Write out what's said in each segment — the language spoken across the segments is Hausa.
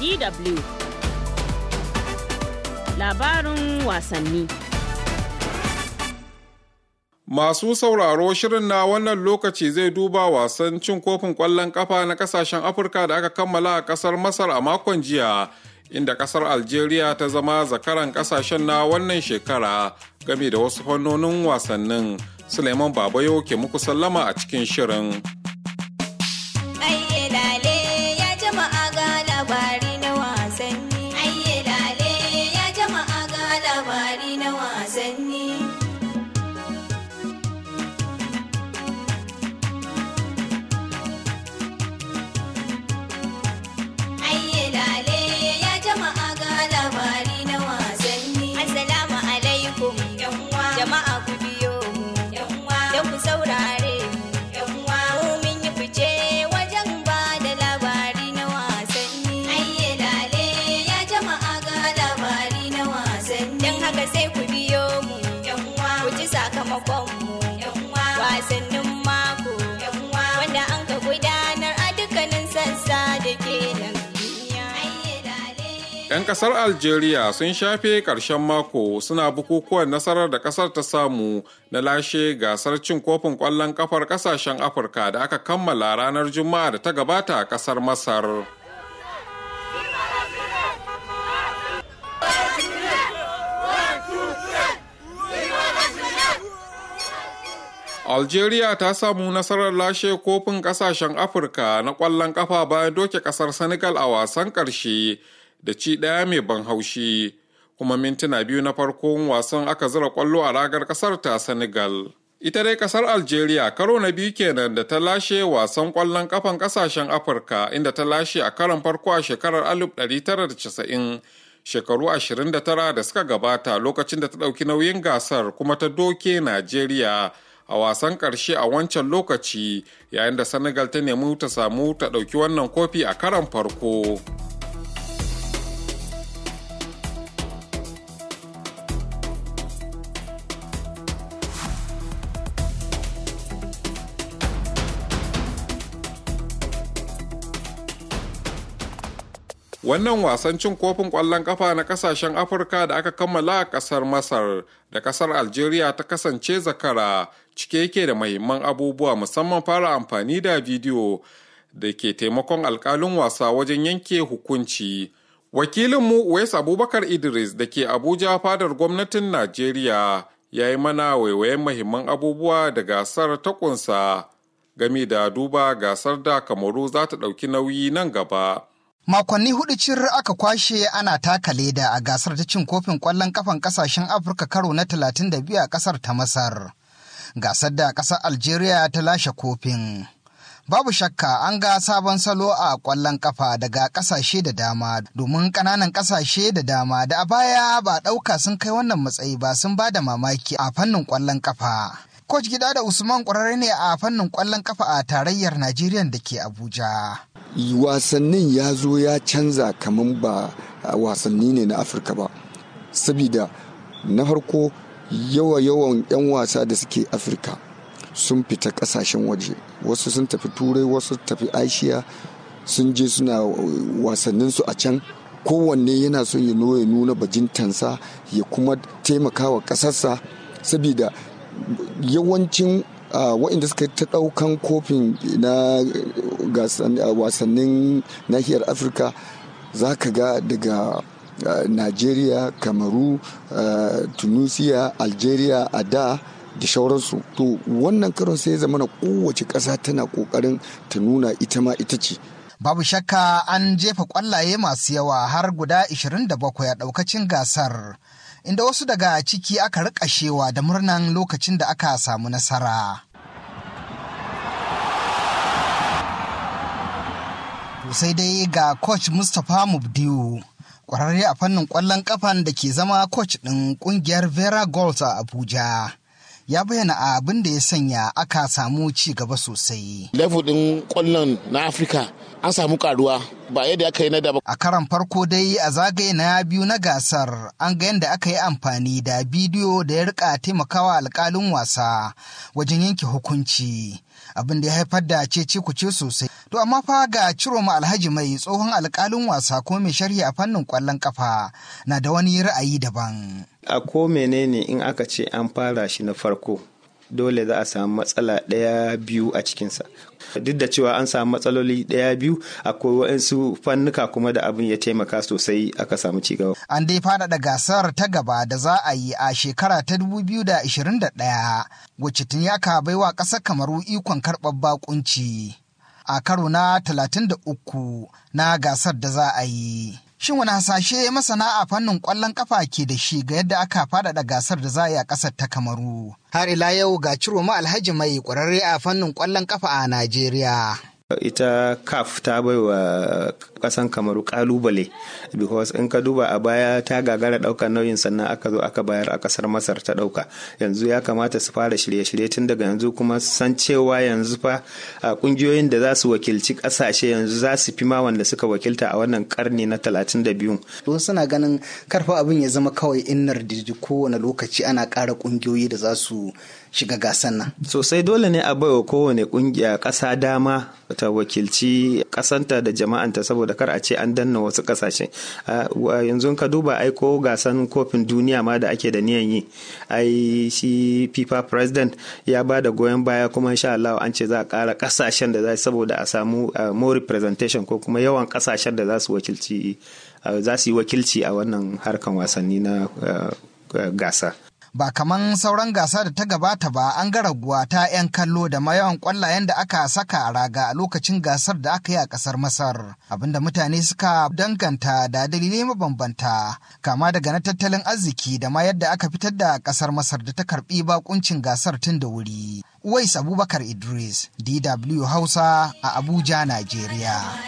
DW Labarin wasanni Masu sauraro shirin na wannan lokaci zai duba wasan cin kofin ƙwallon ƙafa na ƙasashen Afirka da aka kammala a ƙasar Masar a makon jiya. inda ƙasar algeria ta zama zakaran ƙasashen na wannan shekara game da wasu fannonin wasannin suleiman babayo ke muku sallama a cikin shirin. 'Yan kasar Algeria sun shafe ƙarshen mako suna bukukuwan nasarar da ƙasar ta samu na lashe gasar cin kofin ƙwallon ƙafar ƙasashen Afirka da aka kammala ranar Juma'a da ta gabata a ƙasar Masar. Algeria ta samu nasarar lashe kofin ƙasashen Afirka na ƙwallon ƙafa bayan doke ƙasar Senegal a wasan ƙarshe. da ci ɗaya mai ban haushi kuma mintuna biyu na farkon wasan aka zura kwallo a ragar ƙasar ta senegal ita dai ƙasar algeria karo na biyu kenan da ta lashe wasan ƙwallon ƙafan ƙasashen afirka inda ta lashe a karon farko a shekarar 1990 shekaru 29 da suka gabata lokacin da ta ɗauki nauyin gasar kuma ta doke najeriya a wasan ƙarshe a wancan lokaci yayin da senegal ta nemi ta samu ta ɗauki wannan kofi a karon farko. Wannan wasan cin kofin ƙwallon ƙafa na ƙasashen Afirka da aka kammala a ƙasar Masar da ƙasar Algeria ta kasance zakara cike yake da mahimman abubuwa musamman fara amfani da bidiyo da ke taimakon alƙalin wasa wajen yanke hukunci. Wakilinmu Wes Abubakar Idris da ke Abuja fadar gwamnatin Najeriya ya yi mana waiwayen mahimman abubuwa da gasar ta ƙunsa game da duba gasar da Kamaru za ta ɗauki nauyi nan gaba. Makonni hudu cir aka kwashe ana taka leda a gasar ta cin kofin kwallon kafan ƙasashen Afirka karo na 32 a ƙasar ta Masar. Gasar da kasar Algeria ta lashe kofin. Babu shakka an ga sabon salo a ƙwallon kafa daga ƙasashe da dama domin ƙananan ƙasashe da dama da a baya ba ɗauka sun kai wannan matsayi ba sun ba da mamaki a fannin kwallon kafa. Coach gida da Usman ƙwararre ne a fannin kwallon kafa a tarayyar Najeriya da ke Abuja. wasannin ya zo ya canza kamar ba wasanni ne na afirka ba sabida na farko yawa yawan 'yan wasa da suke afirka sun fita kasashen waje wasu sun tafi turai wasu tafi asiya sun je suna e, wasanninsu a can kowanne yana son ya ya nuna bajintansa ya kuma taimakawa ƙasarsa sabida yawancin Ah, waɗanda suka ta ɗaukan kofin na eh, ah, wasannin nahiyar afirka za ka ga daga ah, nigeria kamaru tunisia algeria a da da shauransu to wannan karon sai zama na kowace ƙasa tana ƙoƙarin ta nuna ita ma ita ce babu shakka an jefa ƙwallaye masu yawa har guda 27 a ɗaukacin gasar inda wasu daga ciki aka rikashewa da murnan lokacin da aka samu nasara. sai dai ga coach Mustapha Mubdiu kwararre a fannin kwallon kafan da ke zama coach ɗin kungiyar Vera Gold a Abuja ya bayyana abin da ya sanya aka samu ci gaba sosai. Level ɗin kwallon na Afirka an samu karuwa ba yadda aka yi na da A karan farko dai a zagaye na biyu na gasar an ga yadda aka yi amfani da bidiyo da ya rika taimakawa alkalin wasa wajen yanke hukunci. abin da ya haifar da ce ku kuce sosai. To amma fa ga Ciroma Alhaji mai tsohon alkalin wasa ko mai shari'a a fannin kwallon kafa na da wani ra'ayi daban. A ko menene in aka ce an fara shi na farko dole za a samu matsala ɗaya biyu a cikinsa duk da cewa an samu matsaloli ɗaya biyu akwai waɗansu fannuka kuma da abin ya taimaka sosai aka samu cigaba. an dai faɗaɗa gasar ta gaba da za a yi a shekara ta 2021 wacce tun ya ka baiwa ƙasa kamaru ikon karɓar bakunci a karo na 33 na gasar da za a yi. Shin wani hasashe masana a fannin ƙwallon ƙafa ke da shi ga yadda aka faɗaɗa gasar da za a yi a ƙasar ta Kamaru? Har ila yau ga ciro ma Alhaji Mai ƙwararre a fannin ƙwallon ƙafa a Najeriya. ita caf ta bai wa kasan kamaru kalubale because in ka duba a baya ta gagara daukar nauyin sannan aka zo aka bayar a kasar masar ta dauka yanzu ya kamata su fara shirye-shirye tun daga yanzu kuma san cewa yanzu fa a kungiyoyin da za su wakilci kasashe yanzu za su fi ma wanda suka wakilta a wannan karni na 32 don suna ganin karfa abin ya zama kawai innar didi kowane lokaci ana kara kungiyoyi da za su shiga gasan nan sosai dole ne a baiwa kowane kungiya ƙasa dama ta wakilci kasanta da jama'anta saboda kar a ce an danna wasu kasashe yanzu ka duba aiko gasan kofin duniya ma da ake da niyan yi ai shi fifa president ya ba da goyon baya kuma insha Allah an ce za a kara kasashen da za saboda a samu more representation ko kuma yawan kasashen da za su wakilci za su yi wakilci a wannan harkan wasanni na gasa ba kamar sauran gasa da ta gabata ba an ga raguwa ta 'yan kallo da yawan kwallayen da aka saka a raga a lokacin gasar da aka yi a kasar masar abinda mutane suka danganta da dalilai mabambanta kama daga na tattalin arziki da ma yadda aka fitar da kasar masar da ta karbi bakuncin gasar tun da wuri uwais abubakar idris dw hausa a abuja nigeria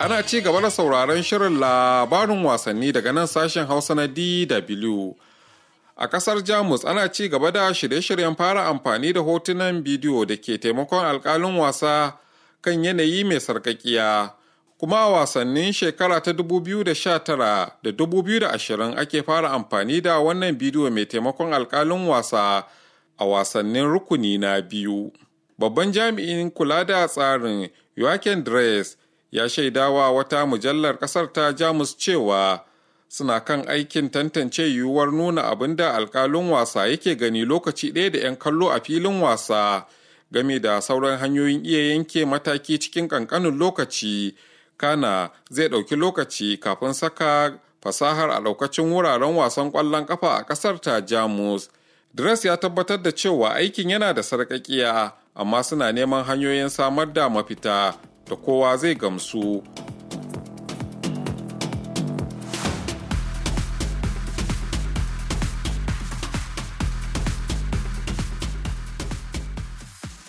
Ana ci gaba da sauraron shirin labarin wasanni daga nan sashen Hausa na DW. A kasar Jamus ana ci gaba da shirye-shiryen fara amfani da hotunan bidiyo da ke taimakon alkalin wasa kan yanayi mai sarkakiya. Kuma a wasannin shekara ta 2019 da 2020 ake fara amfani da wannan bidiyo mai taimakon alkalin wasa a wasannin rukuni na biyu. Babban jami'in kula da tsarin Joachim Dress ya shaidawa wata mujallar kasar ta jamus cewa suna kan aikin tantance yiwuwar nuna abin da alkalin wasa yake gani lokaci ɗaya da 'yan kallo a filin wasa game da sauran hanyoyin iya yanke mataki cikin ƙanƙanin lokaci kana zai ɗauki lokaci kafin saka fasahar a ɗaukacin wuraren wasan ƙwallon ƙafa a ƙasar ta jamus Dress ya tabbatar da cewa aikin yana da sarƙaƙiya amma suna neman hanyoyin samar da mafita da kowa zai gamsu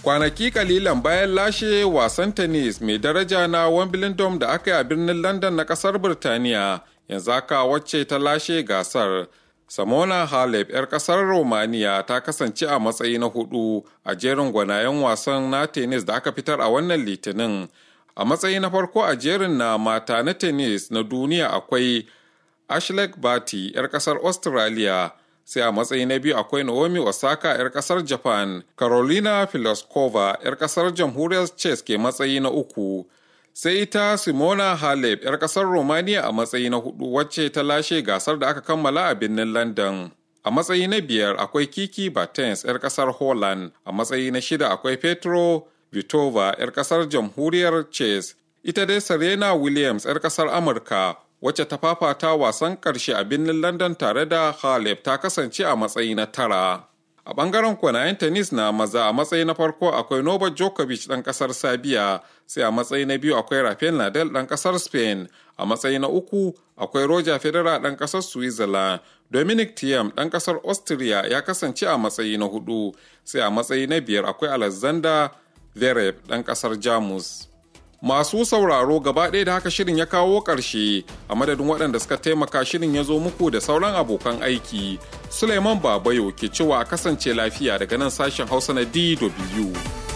kwanaki kalilan bayan lashe wasan tennis mai daraja na wimbledon da aka yi a birnin london na kasar birtaniya yanzu aka wacce ta lashe gasar Samona Halep 'yar kasar Romania ta kasance a matsayi na hudu a jerin gwanayen wasan na tennis da aka fitar a wannan litinin A matsayi na farko a jerin na mata na tennis na duniya akwai Ashleigh Barty 'yar ƙasar Australia, sai a matsayi na biyu akwai Naomi Osaka 'yar ƙasar Japan, Carolina filoskova 'yar ƙasar Jamhuriyar Chess ke matsayi na uku. Sai ita Simona Halep 'yar ƙasar Romania a matsayi na hudu wacce ta lashe gasar da aka kammala a birnin London. A matsayi na biyar akwai Kiki Batens 'yar ƙasar Holland, a matsayi na shida akwai Petro vitova 'yar kasar jamhuriyar ches ita dai serena williams 'yar kasar amurka wacce ta fafata wasan karshe a birnin london tare da halep ta kasance a matsayi na tara a bangaren kwanayen tennis na maza a matsayi na farko akwai nova djokovic ɗan ƙasar sabiya sai a matsayi na biyu akwai rafael nadal ɗan ƙasar spain a matsayi na uku akwai roger federer ɗan ƙasar switzerland dominic thiem ɗan ƙasar austria ya kasance a matsayi na hudu sai a matsayi na biyar akwai alexander Zverev ɗan ƙasar Jamus. Masu sauraro gaba ɗaya da haka shirin ya kawo ƙarshe a madadin waɗanda suka taimaka shirin ya zo muku da sauran abokan aiki. Suleiman Babayo ke cewa kasance lafiya daga nan sashen Hausa na DW.